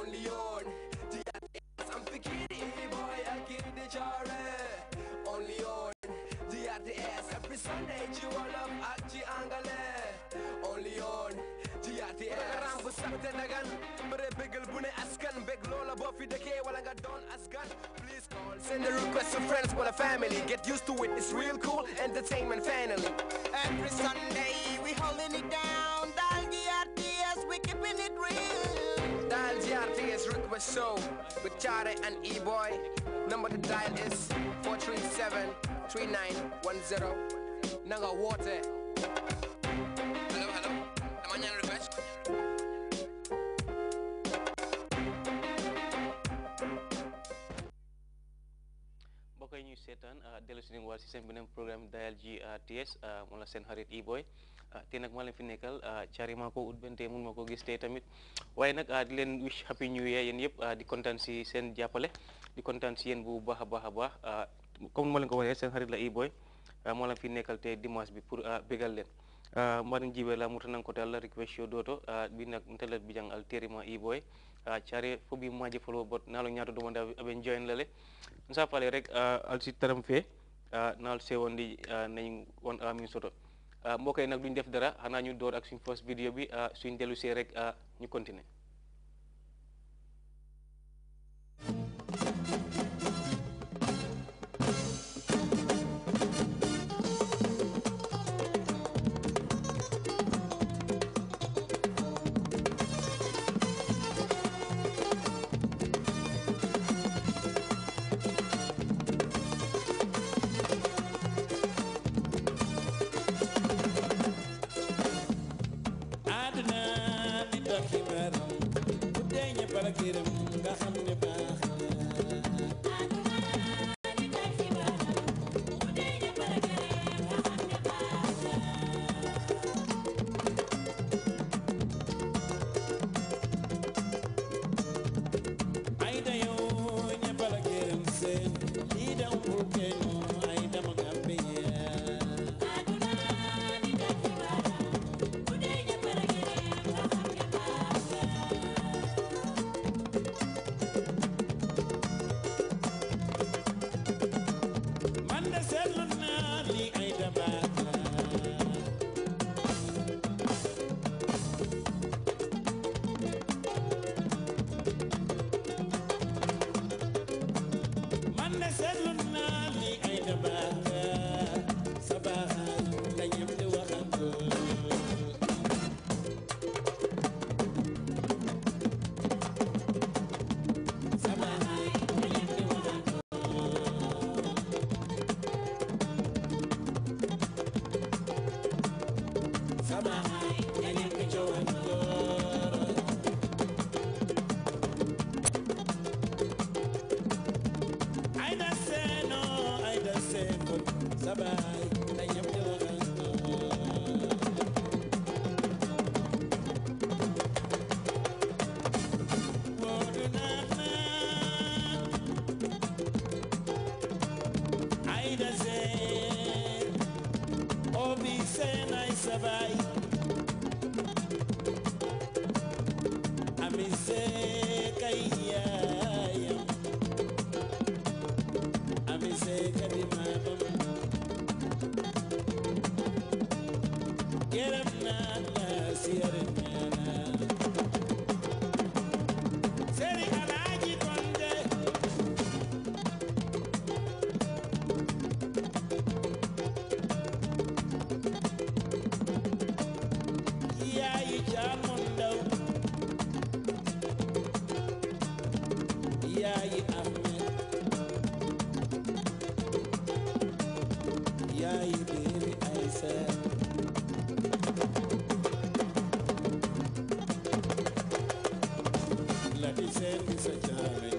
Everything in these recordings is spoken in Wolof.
only on the degmez değmez I'm fikir iyi boy erkeği de çare Only on Diğer değmez Every Sunday civarlam akci angale Only on Diğer değmez Rakaram bu sakte nagan Mre bigil bu ne askan Bek lola bofi deke walanga don askan. Please call Send a request to friends for the family Get used to it it's real cool Entertainment finally Every Sunday my show with Charlie and E-Boy. Number to dial is 437-3910. Naga Water. Hello, hello. La mañana request. bokk yi ñuy seetaan dellu uh, si waat si seen beneen programme Dial GTS uh, uh, moom la seen xarit E-Boy Ah, te nag ma leen fi nekkal ah, cari maa ko ut mun ma ko gis te tamit waaye nag ah, di leen wish happy new year yéen yëpp di kontaan si seen jàppale di kontaan si yéen bu baax a baax a baax comme ma leen ko waxee seen xarit la E-boy ma leen fi nekkal te dimanche bi pour bégal leen mbaɗen jiɓela mutanan ko allah requestio ɗo to ɓina telet bijan alterima iboy care fo mbimaji folo bot nalo ñatoɗumo nde aɓen join lale sa fale rek alsi taram fe nal sewondi nayi won amin soto Euh, mbokk yi nag ñu def dara xanaa ñu door ak suñ first vidéo bi euh, suñ dellu see rek euh, ñu continuer bye bye. misé caía. jaayi biiri ay feer la di seen di sa caame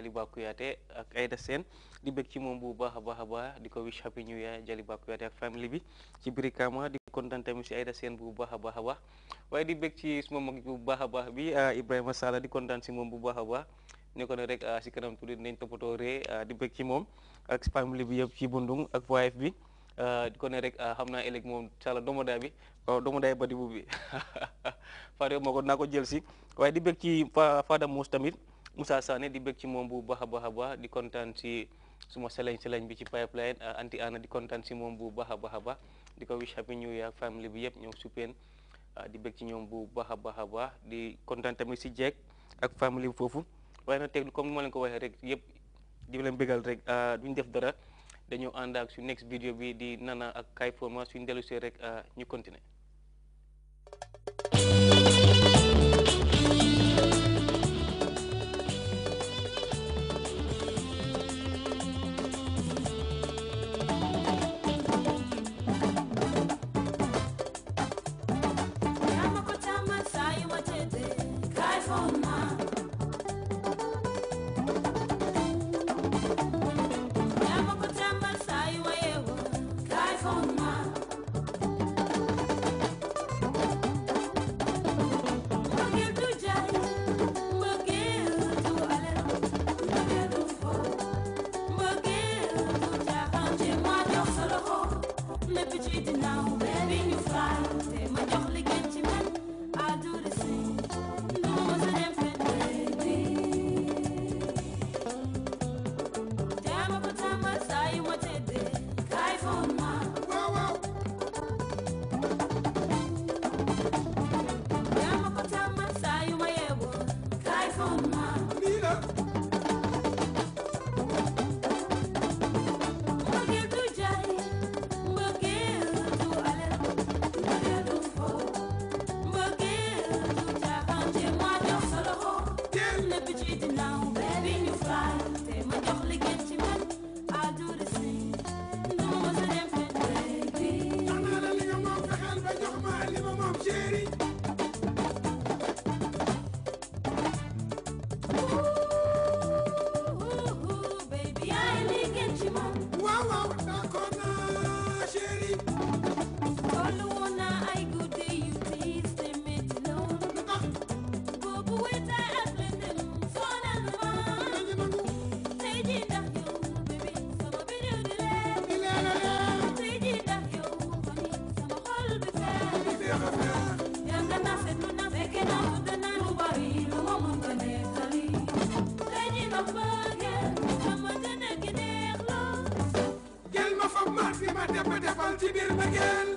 jali baku ya de ak ayda sen di bek ci mom bu baax baax ba di ko happy new year jali baku ya de ah, ah, ah, ak family bi ci birikama di contenté mu ci ayda sen bu baax baax ba way di bek ci suma mag bu baax baax bi ibrahima sala di contenté ci mom bu baax ba ne ko rek ci kanam tuddi nañ topoto re di bek ci mom ak family bi yeb ci bundung ak wife bi di ko rek xamna elek mom sala domoda bi do mo day badibu bi fadio mako nako jël ci way di bek ci fada mous tamit Moussa Sané di bëgg ci moom bu baax a baax di kontaan ci suma selañ selañ bi ci pipeline eh, anti ana di kontaan ci moom bu baax a baax a di ko wish happy new year family bi yëpp ñoom supeen eh, di bëgg ci ñoom bu baax a baax di kontaan tamit si jeeg ak family bi foofu waaye nag teglu comme ma leen ko waxee rek yëpp di leen bëggal rek uh, duñ def dara dañoo ànd ak suñu next video bi di nana ak kaay pour moi suñu dellu see rek ñu continuer. ci biir bëggeel